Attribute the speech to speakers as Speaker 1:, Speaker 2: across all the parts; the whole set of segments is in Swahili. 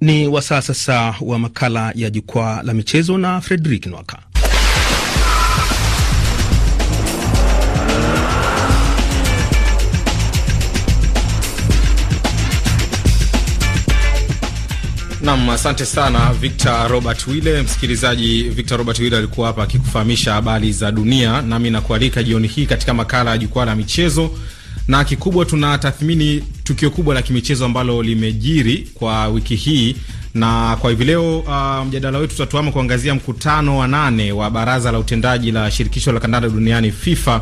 Speaker 1: Ni wasaa sasa wa makala ya jukwaa la michezo na Fredrik Nwaka. Nam, asante sana Victor Robert wille Msikilizaji, Victor Robert Wille alikuwa hapa akikufahamisha habari za dunia, nami nakualika jioni hii katika makala ya jukwaa la michezo na kikubwa tunatathmini tukio kubwa la kimichezo ambalo limejiri kwa wiki hii na kwa hivi leo uh, mjadala wetu tutatuama kuangazia mkutano wa nane wa baraza la utendaji la shirikisho la kandanda duniani FIFA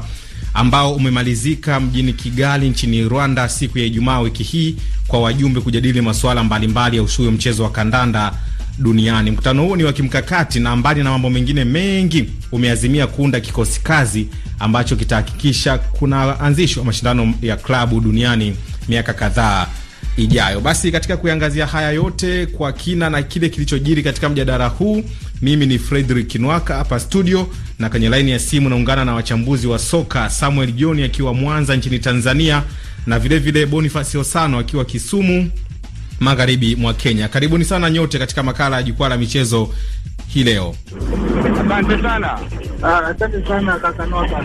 Speaker 1: ambao umemalizika mjini Kigali nchini Rwanda siku ya Ijumaa wiki hii kwa wajumbe kujadili masuala mbalimbali ya ushuru mchezo wa kandanda duniani. Mkutano huo ni wa kimkakati na mbali na mambo mengine mengi, umeazimia kuunda kikosi kazi ambacho kitahakikisha kunaanzishwa mashindano ya klabu duniani miaka kadhaa ijayo. Basi katika kuiangazia haya yote kwa kina na kile kilichojiri katika mjadala huu, mimi ni Fredrick Nwaka hapa studio, na kwenye laini ya simu naungana na wachambuzi wa soka Samuel John akiwa Mwanza nchini Tanzania, na vilevile Boniface Osano akiwa Kisumu magharibi mwa Kenya. Karibuni sana nyote katika makala ya jukwaa la michezo hii leo. Asante sana.
Speaker 2: Ah, asante sana kaka Nota.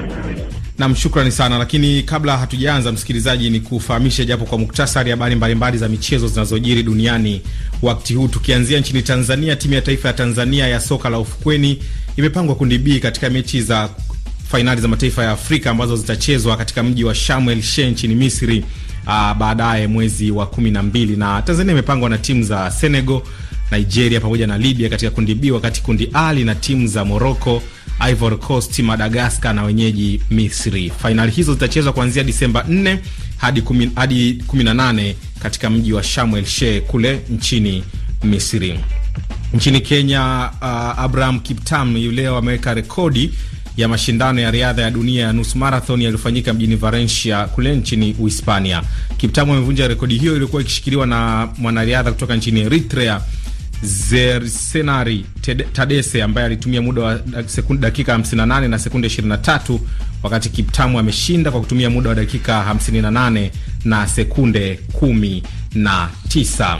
Speaker 1: Nam, shukrani sana. Lakini kabla hatujaanza, msikilizaji, ni kufahamisha japo kwa muktasari habari mbalimbali za michezo zinazojiri duniani wakati huu, tukianzia nchini Tanzania. Timu ya taifa ya Tanzania ya soka la ufukweni imepangwa kundi B katika mechi za fainali za mataifa ya Afrika ambazo zitachezwa katika mji wa Sharm El Sheikh nchini Misri uh, baadaye mwezi wa kumi na mbili na Tanzania imepangwa na timu za Senegal, Nigeria pamoja na Libya katika kundi B, wakati kundi A lina timu za Morocco, Ivory Coast, Madagascar na wenyeji Misri. Fainali hizo zitachezwa kuanzia Disemba 4 hadi 10, hadi 18 katika mji wa Sharm El Sheikh kule nchini Misri. Nchini Kenya, uh, Abraham Kiptam yuleo ameweka rekodi ya mashindano ya riadha ya dunia ya nusu marathon yaliyofanyika mjini Valencia kule nchini Uhispania. Kiptamu amevunja rekodi hiyo iliyokuwa ikishikiliwa na mwanariadha kutoka nchini Eritrea Zersenari Tadese ambaye alitumia muda wa dakika 58 na sekunde 23, wakati Kiptamu ameshinda kwa kutumia muda wa dakika 58 na sekunde 19.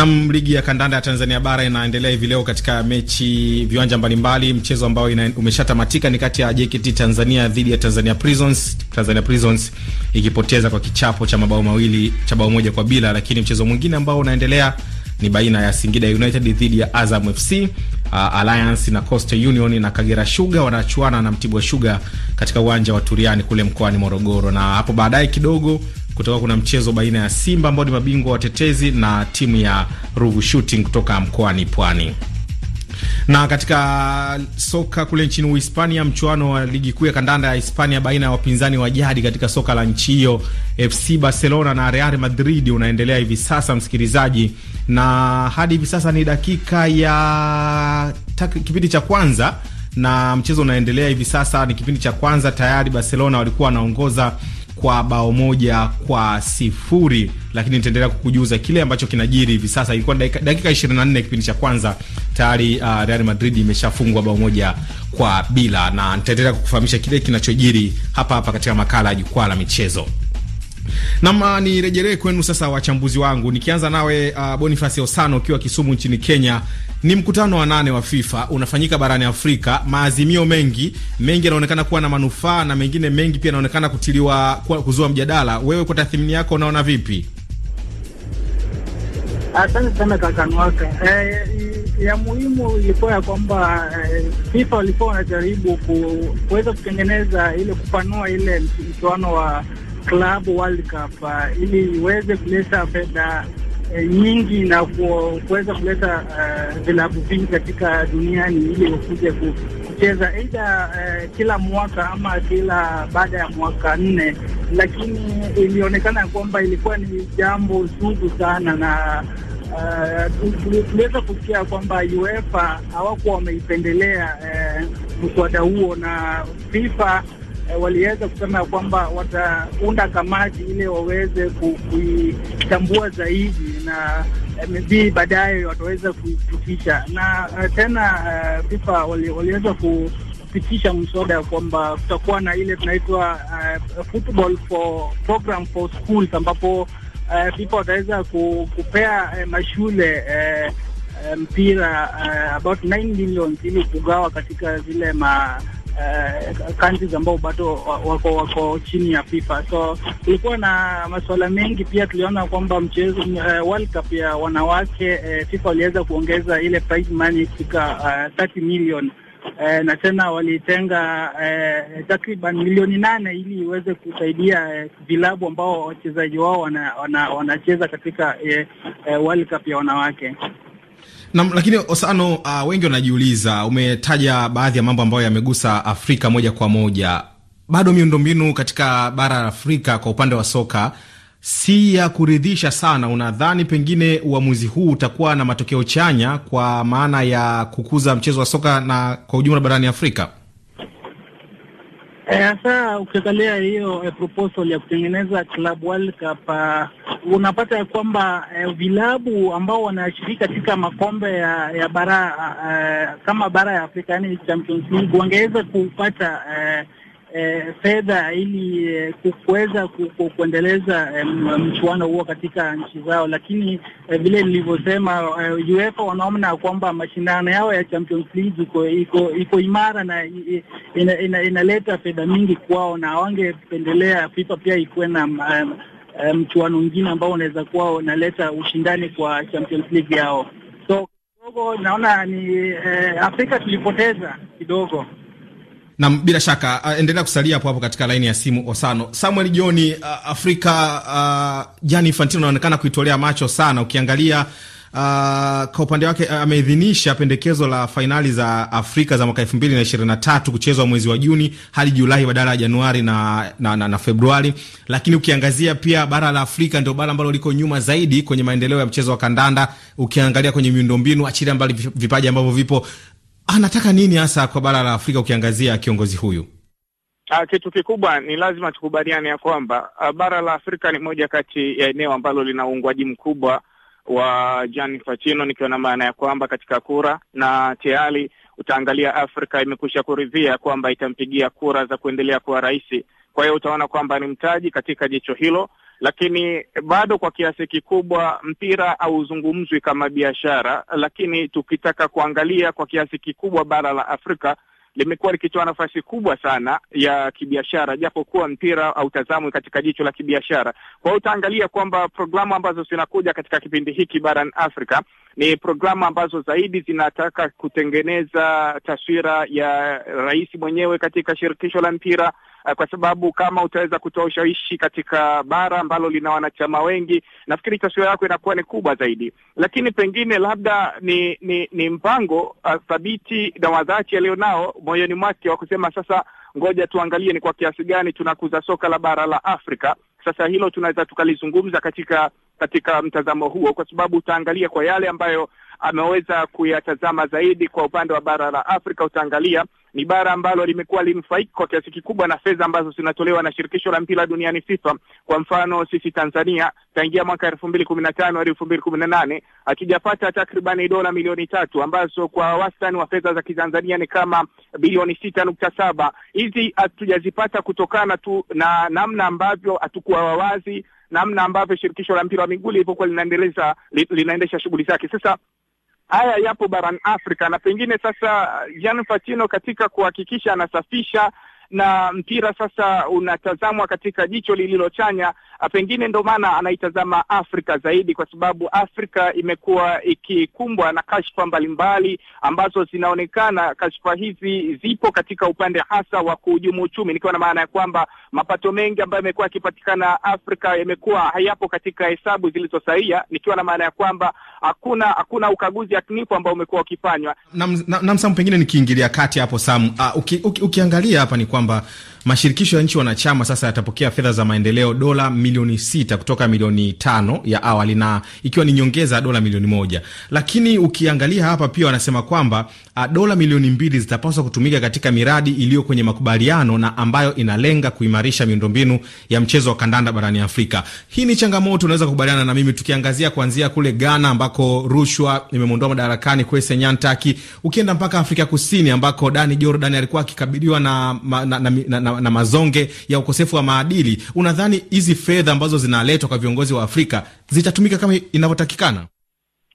Speaker 1: Nam, ligi ya kandanda ya Tanzania bara inaendelea hivi leo katika mechi viwanja mbalimbali. Mchezo ambao umeshatamatika ni kati ya JKT Tanzania dhidi ya Tanzania Prisons, Tanzania Prisons ikipoteza kwa kichapo cha mabao mawili cha bao moja kwa bila, lakini mchezo mwingine ambao unaendelea ni baina ya Singida United dhidi ya Azam FC uh, Alliance na Coastal Union na Kagera Sugar wanachuana na Mtibwa Sugar katika uwanja wa Turiani kule mkoani Morogoro, na hapo baadaye kidogo kutoka kuna mchezo baina ya Simba ambao ni mabingwa watetezi na timu ya Ruvu Shooting kutoka mkoani Pwani. Na katika soka kule nchini Uhispania, mchuano wa ligi kuu ya kandanda ya Hispania baina ya wapinzani wa jadi katika soka la nchi hiyo FC Barcelona na Real Madrid unaendelea hivi sasa, msikilizaji, na hadi hivi sasa ni dakika ya kipindi cha kwanza na mchezo unaendelea hivi sasa, ni kipindi cha kwanza tayari. Barcelona walikuwa wanaongoza kwa bao moja kwa sifuri, lakini nitaendelea kukujuza kile ambacho kinajiri hivi sasa. Ilikuwa dakika, dakika 24 kipindi cha kwanza tayari uh, Real Madrid imeshafungwa bao moja kwa bila, na nitaendelea kukufahamisha kile kinachojiri hapa hapa katika makala ya jukwaa la michezo ni ah, nirejelee kwenu sasa, wachambuzi wangu, nikianza nawe uh, ah, Boniface Osano ukiwa Kisumu nchini Kenya. Ni mkutano wa nane wa FIFA unafanyika barani Afrika, maazimio mengi mengi yanaonekana kuwa na manufaa na mengine mengi pia yanaonekana kutiliwa kuzua mjadala. Wewe kwa tathmini yako unaona vipi?
Speaker 2: Asante sana kakanwaka. E, eh, ya muhimu ilikuwa ya kwamba eh, FIFA walikuwa wanajaribu kuweza kutengeneza ile kupanua ile mchuano wa Club World Cup uh, ili iweze kuleta fedha e, nyingi na kuweza kuleta uh, vilabu vingi katika duniani ili wakuje kucheza aidha uh, eh, kila mwaka ama kila baada ya mwaka nne, lakini ilionekana kwamba ilikuwa ni jambo zungu sana na Uh, tuliweza kusikia kwamba UEFA hawakuwa wameipendelea uh, mswada huo na FIFA Eh, waliweza kusema ya kwamba wataunda kamati ili waweze kuitambua zaidi na eh, maybe baadaye wataweza kuipitisha. Na eh, tena FIFA uh, wali, waliweza kupitisha ya kwamba kutakuwa na ile tunaitwa uh, football for program for schools ambapo uh, FIFA wataweza kupea uh, mashule uh, mpira uh, about 9 million ili kugawa katika zile ma uh, countries ambao bado wako wako chini ya FIFA. So kulikuwa na masuala mengi pia, tuliona kwamba mchezo uh, World Cup ya wanawake uh, FIFA waliweza kuongeza ile prize money kufika uh, 30 million uh, na tena walitenga uh, takriban milioni nane ili iweze kusaidia vilabu ambao wachezaji wao wanacheza wana, wana katika uh, uh, World Cup ya wanawake.
Speaker 1: Na, lakini Osano, uh, wengi wanajiuliza, umetaja baadhi ya mambo ambayo yamegusa Afrika moja kwa moja. Bado miundombinu katika bara la Afrika kwa upande wa soka si ya kuridhisha sana. Unadhani pengine uamuzi huu utakuwa na matokeo chanya kwa maana ya kukuza mchezo wa soka na kwa ujumla barani Afrika?
Speaker 2: Eh, hasa ukiangalia hiyo e, proposal ya kutengeneza Club World Cup uh, unapata ya kwamba e, vilabu ambao wanashiriki katika makombe ya, ya bara uh, kama bara ya Afrika yani Champions League wangeweza kupata uh, eh, fedha ili eh, kuweza kuendeleza eh, mchuano huo katika nchi zao, lakini eh, vile nilivyosema, eh, UEFA wanaona kwamba mashindano yao ya Champions League iko iko iko imara na inaleta ina, ina fedha mingi kwao, na wangependelea FIFA pia ikuwe na um, mchuano mwingine ambao unaweza kuwa unaleta ushindani kwa Champions League yao. So kidogo naona ni eh, Afrika tulipoteza kidogo
Speaker 1: na bila shaka uh, endelea kusalia hapo hapo katika laini ya simu Osano Samuel John, Uh, Afrika uh, Gianni Infantino anaonekana kuitolea macho sana, ukiangalia uh, kwa upande wake ameidhinisha pendekezo la fainali za Afrika za mwaka elfu mbili na ishirini na tatu kuchezwa mwezi wa Juni hadi Julai badala ya Januari na, na, na, na Februari. Lakini ukiangazia pia bara la Afrika ndio bara ambalo liko nyuma zaidi kwenye maendeleo ya mchezo wa kandanda, ukiangalia kwenye miundombinu, achilia mbali vipaji ambavyo vipo anataka nini hasa kwa bara la Afrika ukiangazia kiongozi huyu?
Speaker 3: Ah, kitu kikubwa ni lazima tukubaliane ya kwamba ah, bara la Afrika ni moja kati ya eneo ambalo lina uungwaji mkubwa wa Gianni Infantino, nikiwa na maana ya kwamba katika kura na tayari utaangalia Afrika imekwisha kuridhia kwamba itampigia kura za kuendelea kuwa rais. Kwa hiyo utaona kwamba ni mtaji katika jicho hilo, lakini bado kwa kiasi kikubwa mpira hauzungumzwi kama biashara, lakini tukitaka kuangalia kwa kiasi kikubwa bara la Afrika limekuwa likitoa nafasi kubwa sana ya kibiashara, japo kuwa mpira hautazamwi katika jicho la kibiashara. Kwa hiyo utaangalia kwamba programu ambazo zinakuja katika kipindi hiki barani Afrika ni programu ambazo zaidi zinataka kutengeneza taswira ya rais mwenyewe katika shirikisho la mpira uh, kwa sababu kama utaweza kutoa ushawishi katika bara ambalo lina wanachama wengi, nafikiri taswira yako inakuwa ni kubwa zaidi. Lakini pengine labda ni ni, ni mpango uh, thabiti na wadhati alionao moyoni mwake wa kusema sasa, ngoja tuangalie ni kwa kiasi gani tunakuza soka la bara la Afrika. Sasa hilo tunaweza tukalizungumza katika katika mtazamo huo, kwa sababu utaangalia kwa yale ambayo ameweza kuyatazama zaidi kwa upande wa bara la Afrika, utaangalia ni bara ambalo limekuwa limfaiki kwa kiasi kikubwa na fedha ambazo zinatolewa na shirikisho la mpira duniani FIFA. Kwa mfano sisi Tanzania tangia mwaka elfu mbili kumi na tano hadi elfu mbili kumi na nane hatujapata takribani dola milioni tatu ambazo kwa wastani wa fedha za Kitanzania ni kama bilioni sita nukta saba. Hizi hatujazipata kutokana tu na namna ambavyo hatukuwa wawazi namna ambavyo shirikisho la mpira wa miguu lilipokuwa linaendeleza linaendesha shughuli zake. Sasa haya yapo barani Afrika, na pengine sasa uh, Gianni Infantino katika kuhakikisha anasafisha na mpira sasa unatazamwa katika jicho lililochanya Ah, pengine ndo maana anaitazama Afrika zaidi, kwa sababu Afrika imekuwa ikikumbwa na kashfa mbalimbali ambazo zinaonekana kashfa hizi zipo katika upande hasa wa kuhujumu uchumi, nikiwa na maana ya kwamba mapato mengi ambayo yamekuwa yakipatikana Afrika yamekuwa hayapo katika hesabu zilizo sahihi, nikiwa na maana ya kwamba hakuna
Speaker 1: hakuna ukaguzi yakinifu ambao umekuwa ukifanywa. Namsamu na, na, pengine nikiingilia kati hapo Sam, uh, ah, uki, uki, ukiangalia hapa ni kwamba Mashirikisho ya nchi wanachama sasa yatapokea fedha za maendeleo dola milioni sita kutoka milioni tano ya awali, na ikiwa ni nyongeza ya dola milioni moja. Lakini ukiangalia hapa pia wanasema kwamba Ah, dola milioni mbili zitapaswa kutumika katika miradi iliyo kwenye makubaliano na ambayo inalenga kuimarisha miundombinu ya mchezo wa kandanda barani Afrika. Hii ni changamoto, unaweza kukubaliana na mimi, tukiangazia kuanzia kule Ghana ambako rushwa imemwondoa madarakani Kwesi Nyantakyi, ukienda mpaka Afrika Kusini ambako Dani Jordan alikuwa akikabiliwa na, ma, na, na, na, na, na mazonge ya ukosefu wa maadili. Unadhani hizi fedha ambazo zinaletwa kwa viongozi wa Afrika zitatumika kama inavyotakikana?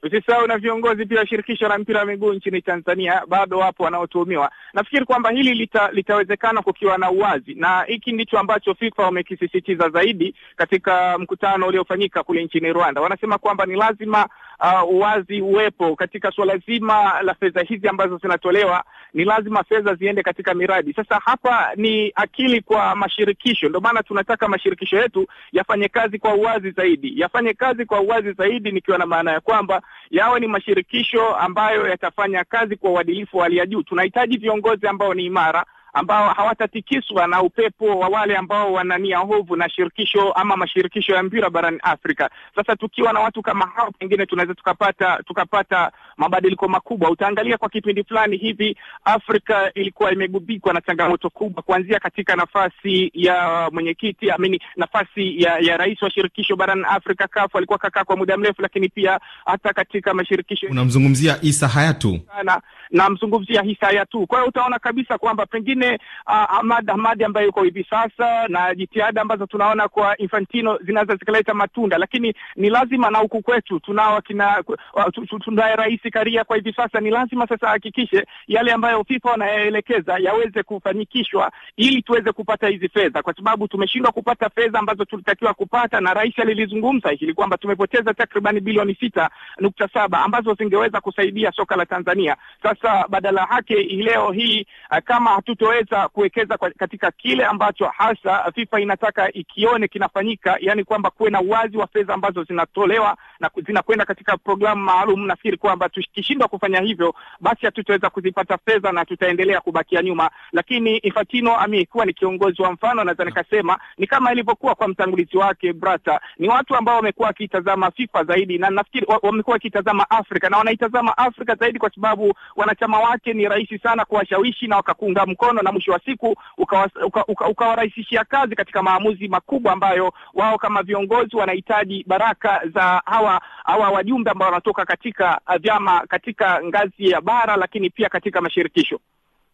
Speaker 3: Usisahau na viongozi pia shirikisho la mpira wa miguu nchini Tanzania bado wapo wanaotuhumiwa. Nafikiri kwamba hili lita, litawezekana kukiwa na uwazi, na hiki ndicho ambacho FIFA wamekisisitiza zaidi katika mkutano uliofanyika kule nchini Rwanda. Wanasema kwamba ni lazima uh, uwazi uwepo katika suala zima la fedha hizi ambazo zinatolewa ni lazima fedha ziende katika miradi. Sasa hapa ni akili kwa mashirikisho, ndio maana tunataka mashirikisho yetu yafanye kazi kwa uwazi zaidi, yafanye kazi kwa uwazi zaidi, nikiwa na maana ya kwamba yawe ni mashirikisho ambayo yatafanya kazi kwa uadilifu wa hali ya juu. Tunahitaji viongozi ambao ni imara ambao hawatatikiswa na upepo wa wale ambao wana nia hovu na shirikisho ama mashirikisho ya mpira barani Afrika. Sasa tukiwa na watu kama hao, pengine tunaweza tukapata tukapata mabadiliko makubwa. Utaangalia kwa kipindi fulani hivi Afrika ilikuwa imegubikwa na changamoto kubwa, kuanzia katika nafasi ya mwenyekiti amini, nafasi ya, ya rais wa shirikisho barani Afrika CAF, alikuwa kakaa kwa muda mrefu, lakini pia hata katika mashirikisho.
Speaker 1: Unamzungumzia Isa Hayatu
Speaker 3: sana, namzungumzia Isa Hayatu. Kwa hiyo utaona kabisa kwamba pengine uh, Ahmad Ahmadi ambaye yuko hivi sasa na jitihada ambazo tunaona kwa Infantino zinaweza zikaleta matunda, lakini ni lazima na huku kwetu tunao kina uh, tunaye rais Sikaria kwa hivi sasa, ni lazima sasa ahakikishe yale ambayo FIFA wanayaelekeza yaweze kufanikishwa ili tuweze kupata hizi fedha, kwa sababu tumeshindwa kupata fedha ambazo tulitakiwa kupata, na rais alilizungumza hili kwamba tumepoteza takribani bilioni sita nukta saba ambazo zingeweza kusaidia soka la Tanzania. Sasa badala yake leo hii eh, kama hatutoweza kuwekeza katika kile ambacho hasa FIFA inataka ikione kinafanyika, yani kwamba kuwe na uwazi wa fedha ambazo zinatolewa na zinakwenda katika programu maalum, nafikiri kwamba tukishindwa kufanya hivyo, basi hatutaweza kuzipata fedha na tutaendelea kubakia nyuma. Lakini Infantino amekuwa ni kiongozi wa mfano, naweza nikasema ni kama ilivyokuwa kwa mtangulizi wake Brata. Ni watu ambao wamekuwa wakitazama FIFA zaidi, na nafikiri wamekuwa wakitazama Afrika na wanaitazama Afrika zaidi, kwa sababu wanachama wake ni rahisi sana kuwashawishi na wakakunga mkono, na mwisho wa siku ukawarahisishia uka, uka, uka kazi katika maamuzi makubwa ambayo wao kama viongozi wanahitaji baraka za hawa hawa wajumbe ambao wanatoka katika uh, vyama usalama katika ngazi ya bara, lakini pia katika mashirikisho.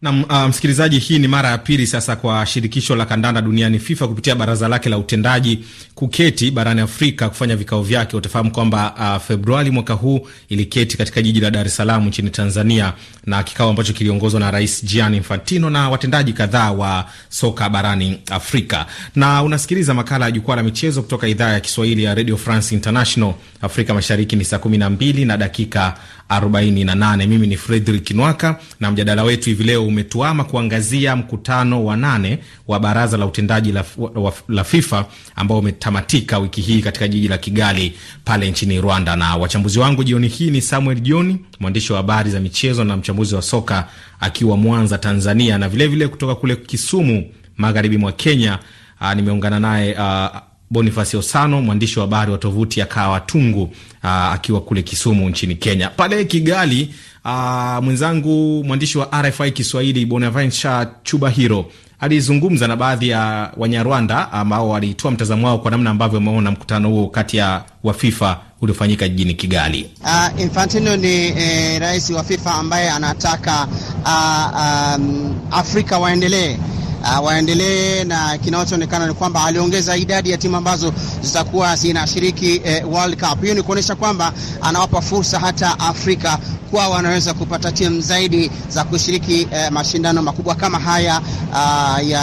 Speaker 1: Na uh, msikilizaji, hii ni mara ya pili sasa kwa shirikisho la kandanda duniani FIFA kupitia baraza lake la utendaji kuketi barani Afrika kufanya vikao vyake. Utafahamu kwamba uh, Februari mwaka huu iliketi katika jiji la Dar es Salaam nchini Tanzania, na kikao ambacho kiliongozwa na Rais Gianni Infantino na watendaji kadhaa wa soka barani Afrika. Na unasikiliza makala ya jukwaa la michezo kutoka idhaa ya Kiswahili ya Radio France International. Afrika Mashariki ni saa 12 na dakika 48. Mimi ni Fredrik Nwaka na mjadala wetu hivi leo umetuama kuangazia mkutano wa nane wa baraza la utendaji la, wa, la FIFA ambao umetamatika wiki hii katika jiji la Kigali pale nchini Rwanda, na wachambuzi wangu jioni hii ni Samuel Joni, mwandishi wa habari za michezo na mchambuzi wa soka akiwa Mwanza, Tanzania, na vilevile vile kutoka kule Kisumu magharibi mwa Kenya. Ah, nimeungana naye ah, Bonifasi Osano, mwandishi wa habari wa tovuti ya Kawatungu aa, ah, akiwa kule Kisumu nchini Kenya. Pale Kigali ah, mwenzangu mwandishi wa RFI Kiswahili Bonaventure Chubahiro alizungumza na baadhi ya Wanyarwanda ambao walitoa mtazamo wao kwa namna ambavyo wameona mkutano huo kati ya wa FIFA uliofanyika jijini Kigali. Uh, Infantino ni eh, rais wa FIFA ambaye anataka uh, um, Afrika waendelee uh, waendelee na kinachoonekana ni kwamba aliongeza idadi ya timu ambazo zitakuwa zinashiriki eh, World Cup. Hiyo ni kuonyesha kwamba anawapa fursa hata Afrika kwa wanaweza kupata timu zaidi za kushiriki eh, mashindano makubwa kama haya uh, ya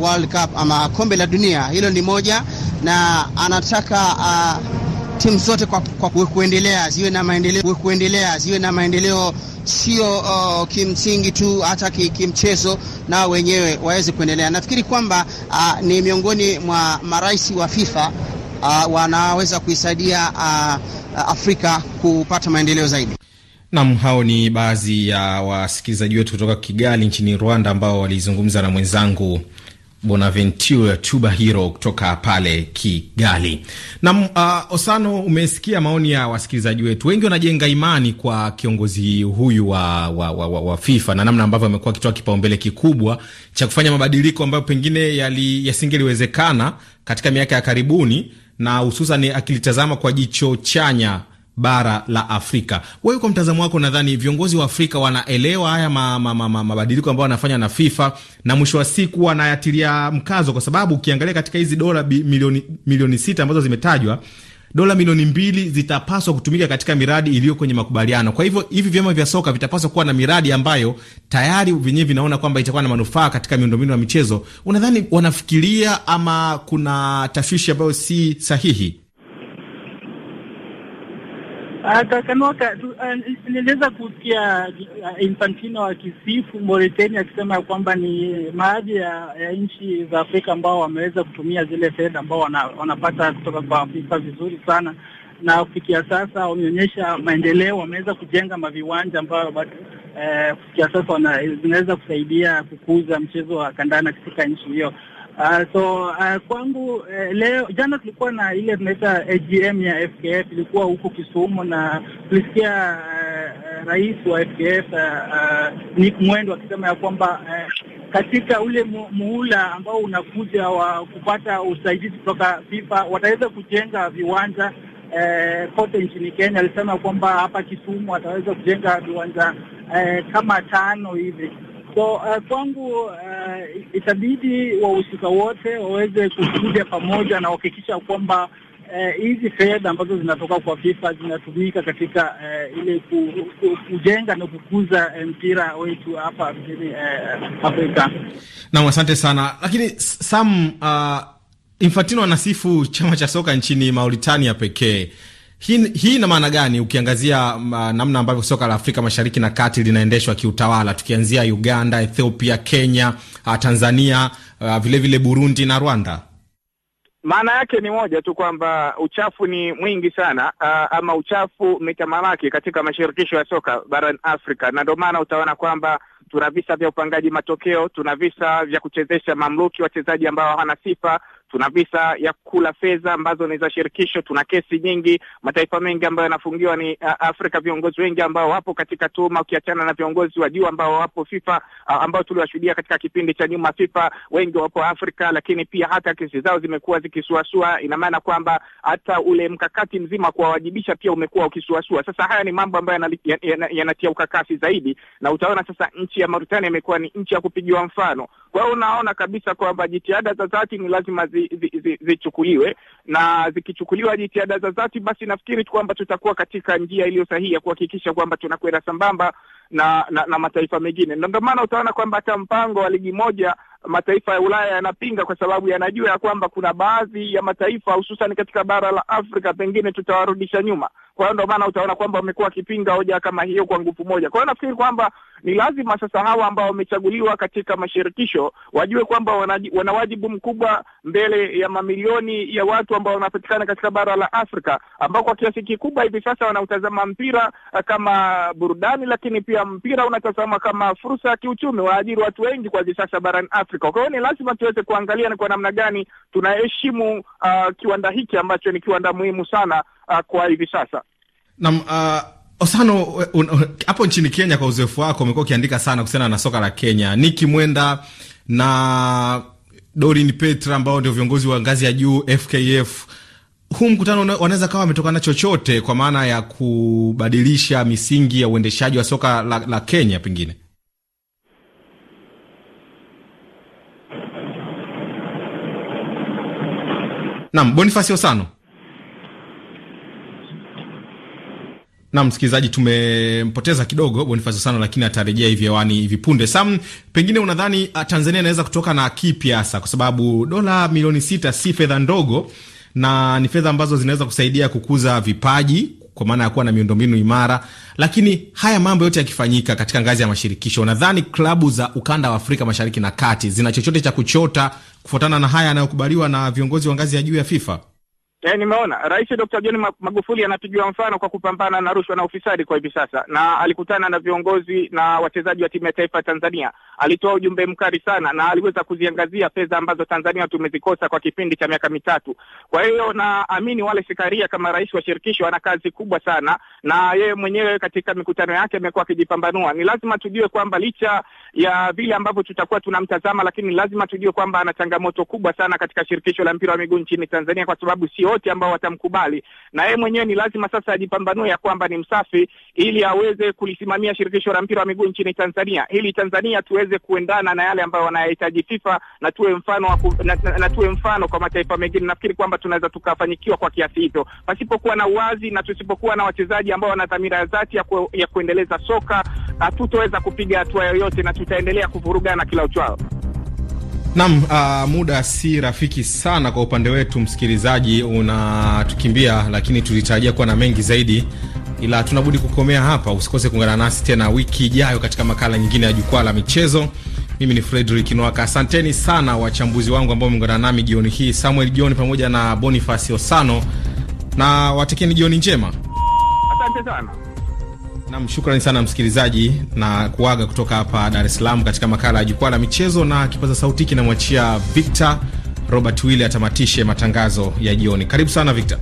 Speaker 1: World Cup ama kombe la dunia. Hilo ni moja, na anataka uh, timu zote kwa, kwa kuendelea ziwe na maendeleo kuendelea ziwe na maendeleo sio uh, kimsingi tu hata kimchezo, na wenyewe waweze kuendelea. Nafikiri kwamba uh, ni miongoni mwa marais wa FIFA uh, wanaweza kuisaidia uh, Afrika kupata maendeleo zaidi. Nam, hao ni baadhi ya wasikilizaji wetu kutoka Kigali nchini Rwanda ambao walizungumza na mwenzangu Bonaventura tuba Hiro kutoka pale Kigali. Na uh, Osano, umesikia maoni ya wasikilizaji wetu wengi, wanajenga imani kwa kiongozi huyu wa, wa, wa, wa, wa FIFA na namna ambavyo amekuwa akitoa kipaumbele kikubwa cha kufanya mabadiliko ambayo pengine yasingeliwezekana katika miaka ya karibuni, na hususan akilitazama kwa jicho chanya bara la Afrika. Wewe kwa mtazamo wako, nadhani viongozi wa Afrika wanaelewa haya ma, ma, ma, ma, mabadiliko ambayo wanafanya na FIFA na mwisho wa siku wanayatilia mkazo, kwa sababu ukiangalia katika hizi dola milioni, milioni sita ambazo zimetajwa dola milioni mbili zitapaswa kutumika katika miradi iliyo kwenye makubaliano. Kwa hivyo hivi vyama vya soka vitapaswa kuwa na miradi ambayo tayari vyenyewe vinaona kwamba itakuwa na manufaa katika miundombinu ya michezo. Unadhani wanafikiria ama kuna tashwishi ambayo si sahihi?
Speaker 2: Kakanua niliweza kusikia uh, Infantino akisifu Mauritania akisema ya kwamba ni baadhi ya, ya nchi za Afrika ambao wameweza kutumia zile fedha ambao wana, wanapata kutoka kwa FIFA vizuri sana, na kufikia sasa wameonyesha maendeleo, wameweza kujenga maviwanja ambayo eh, kufikia sasa zinaweza kusaidia kukuza mchezo wa kandanda katika nchi hiyo. Uh, so uh, kwangu uh, leo jana tulikuwa na ile tunaita AGM ya FKF ilikuwa huko Kisumu, na tulisikia uh, rais wa FKF uh, ah, uh, Nick Mwendo akisema ya kwamba uh, katika ule muhula ambao unakuja wa kupata usaidizi kutoka FIFA wataweza kujenga viwanja eh, kote nchini Kenya. Alisema kwamba hapa Kisumu wataweza kujenga viwanja uh, kama tano hivi So uh, kwangu uh, itabidi wahusika wote waweze kukuja pamoja na kuhakikisha kwamba uh, hizi uh, fedha ambazo zinatoka kwa FIFA zinatumika katika uh, ile kujenga na kukuza uh, mpira wetu hapa uh,
Speaker 1: Afrika. Naam, asante sana. Lakini Sam, uh, Infantino anasifu chama cha soka nchini Mauritania pekee hii ina maana gani ukiangazia ma, uh, namna ambavyo soka la Afrika Mashariki na Kati linaendeshwa kiutawala tukianzia Uganda, Ethiopia, Kenya, uh, Tanzania, uh, vile vile Burundi na Rwanda?
Speaker 3: Maana yake ni moja tu kwamba uchafu ni mwingi sana uh, ama uchafu mitamalaki katika mashirikisho ya soka barani Afrika, na ndio maana utaona kwamba tuna visa vya upangaji matokeo, tuna visa vya kuchezesha mamluki wachezaji ambao hawana sifa, tuna visa ya kula fedha ambazo ni za shirikisho. Tuna kesi nyingi, mataifa mengi ambayo yanafungiwa ni uh, Afrika, viongozi wengi ambao wapo katika tuma, ukiachana na viongozi wa juu ambao wapo FIFA, uh, ambao tuliwashuhudia katika kipindi cha nyuma FIFA, wengi wapo Afrika, lakini pia hata kesi zao zimekuwa zikisuasua. Ina maana kwamba hata ule mkakati mzima kuwawajibisha pia umekuwa ukisuasua. Sasa haya ni mambo ambayo yanatia yana, yana ukakasi zaidi, na utaona sasa nchi ya Mauritania imekuwa ni nchi ya kupigiwa mfano. Kwa hiyo unaona kabisa kwamba jitihada za dhati ni lazima zichukuliwe zi, zi, zi na zikichukuliwa jitihada za dhati, basi nafikiri kwamba tutakuwa katika njia iliyo sahihi ya kuhakikisha kwamba tunakwenda sambamba na, na, na mataifa mengine, na ndio maana utaona kwamba hata mpango wa ligi moja mataifa ya Ulaya yanapinga kwa sababu yanajua ya kwamba kuna baadhi ya mataifa hususan katika bara la Afrika pengine tutawarudisha nyuma. Kwa hiyo ndio maana utaona kwamba wamekuwa wakipinga hoja kama hiyo kwa nguvu moja. Kwa hiyo nafikiri kwamba ni lazima sasa hawa ambao wamechaguliwa katika mashirikisho wajue kwamba wana wajibu mkubwa mbele ya mamilioni ya watu ambao wanapatikana katika bara la Afrika ambao kwa kiasi kikubwa hivi sasa wanautazama mpira eh, kama burudani, lakini pia mpira unatazama kama fursa ya kiuchumi, waajiri watu wengi kwa hivi sasa barani Afrika. Kwa hiyo ni lazima tuweze kuangalia ni kwa namna gani tunaheshimu uh, kiwanda hiki ambacho ni kiwanda muhimu sana uh, kwa hivi sasa.
Speaker 1: Nam uh, Osano, hapo nchini Kenya, kwa uzoefu wako, umekuwa ukiandika sana kuhusiana na soka la Kenya, Niki Mwenda na Dorin Petra ambao ndio viongozi wa ngazi ya juu FKF. Huu mkutano wanaweza kawa wametokana chochote kwa maana ya kubadilisha misingi ya uendeshaji wa soka la, la Kenya pengine nam Bonifasi Osano. na msikilizaji, tumempoteza kidogo Boniface sana, lakini atarejea hivi hewani hivi punde. Sam, pengine unadhani ah, Tanzania inaweza kutoka na kipi hasa, kwa sababu dola milioni sita si fedha ndogo, na ni fedha ambazo zinaweza kusaidia kukuza vipaji kwa maana ya kuwa na miundombinu imara. Lakini haya mambo yote yakifanyika katika ngazi ya mashirikisho, nadhani klabu za ukanda wa Afrika Mashariki na Kati zina chochote cha kuchota kufuatana na haya yanayokubaliwa na viongozi wa ngazi ya juu ya FIFA?
Speaker 3: Eh, nimeona Rais Dr. John Magufuli anatujua mfano kwa kupambana na rushwa na ufisadi kwa hivi sasa, na alikutana na viongozi na wachezaji wa timu ya taifa ya Tanzania. Alitoa ujumbe mkali sana, na aliweza kuziangazia fedha ambazo Tanzania tumezikosa kwa kipindi cha miaka mitatu. Kwa hiyo naamini wale Sikaria kama rais wa shirikisho ana kazi kubwa sana, na yeye mwenyewe katika mikutano yake amekuwa akijipambanua. Ni lazima tujue kwamba licha ya vile ambavyo tutakuwa tunamtazama, lakini lazima tujue kwamba ana changamoto kubwa sana katika shirikisho la mpira wa miguu nchini Tanzania kwa sababu sio wote ambao watamkubali, na yeye mwenyewe ni lazima sasa ajipambanue ya kwamba ni msafi, ili aweze kulisimamia shirikisho la mpira wa miguu nchini Tanzania, ili Tanzania tuweze kuendana na yale ambayo wanayahitaji FIFA na tuwe mfano wa na, na, na tuwe mfano kwa mataifa mengine. Nafikiri kwamba tunaweza tukafanikiwa kwa kiasi hicho pasipokuwa na uwazi na tusipokuwa na wachezaji ambao wana dhamira ya dhati ya, ku, ya kuendeleza soka hatutoweza kupiga hatua yoyote na tutaendelea kuvurugana kila
Speaker 1: uchao. Nam uh, ah, muda si rafiki sana kwa upande wetu msikilizaji, unatukimbia, lakini tulitarajia kuwa na mengi zaidi, ila tunabudi kukomea hapa. Usikose kuungana nasi tena wiki ijayo katika makala nyingine ya jukwaa la michezo. Mimi ni Fredrick Nwaka. Asanteni sana wachambuzi wangu ambao wameungana nami jioni hii, Samuel John pamoja na Boniface Osano, na watekeni jioni njema,
Speaker 3: asante sana.
Speaker 1: Nam, shukrani sana msikilizaji, na kuaga kutoka hapa Dar es Salaam katika makala ya jukwaa la michezo, na kipaza sauti kinamwachia Victor Robert Wille atamatishe matangazo ya jioni. Karibu sana Victor.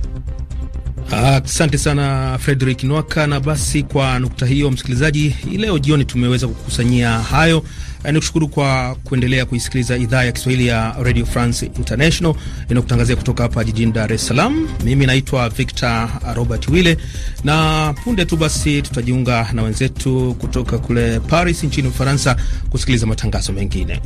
Speaker 1: Ah, asante uh, sana Frederick Nwaka. Na basi kwa nukta hiyo, msikilizaji, leo jioni tumeweza kukusanyia hayo Eh, Nikushukuru kwa kuendelea kuisikiliza idhaa ya Kiswahili ya Radio France International inayokutangazia kutoka hapa jijini Dar es Salaam. Mimi naitwa Victor Robert Wille, na punde tu basi tutajiunga na wenzetu kutoka kule Paris nchini Ufaransa kusikiliza matangazo mengine.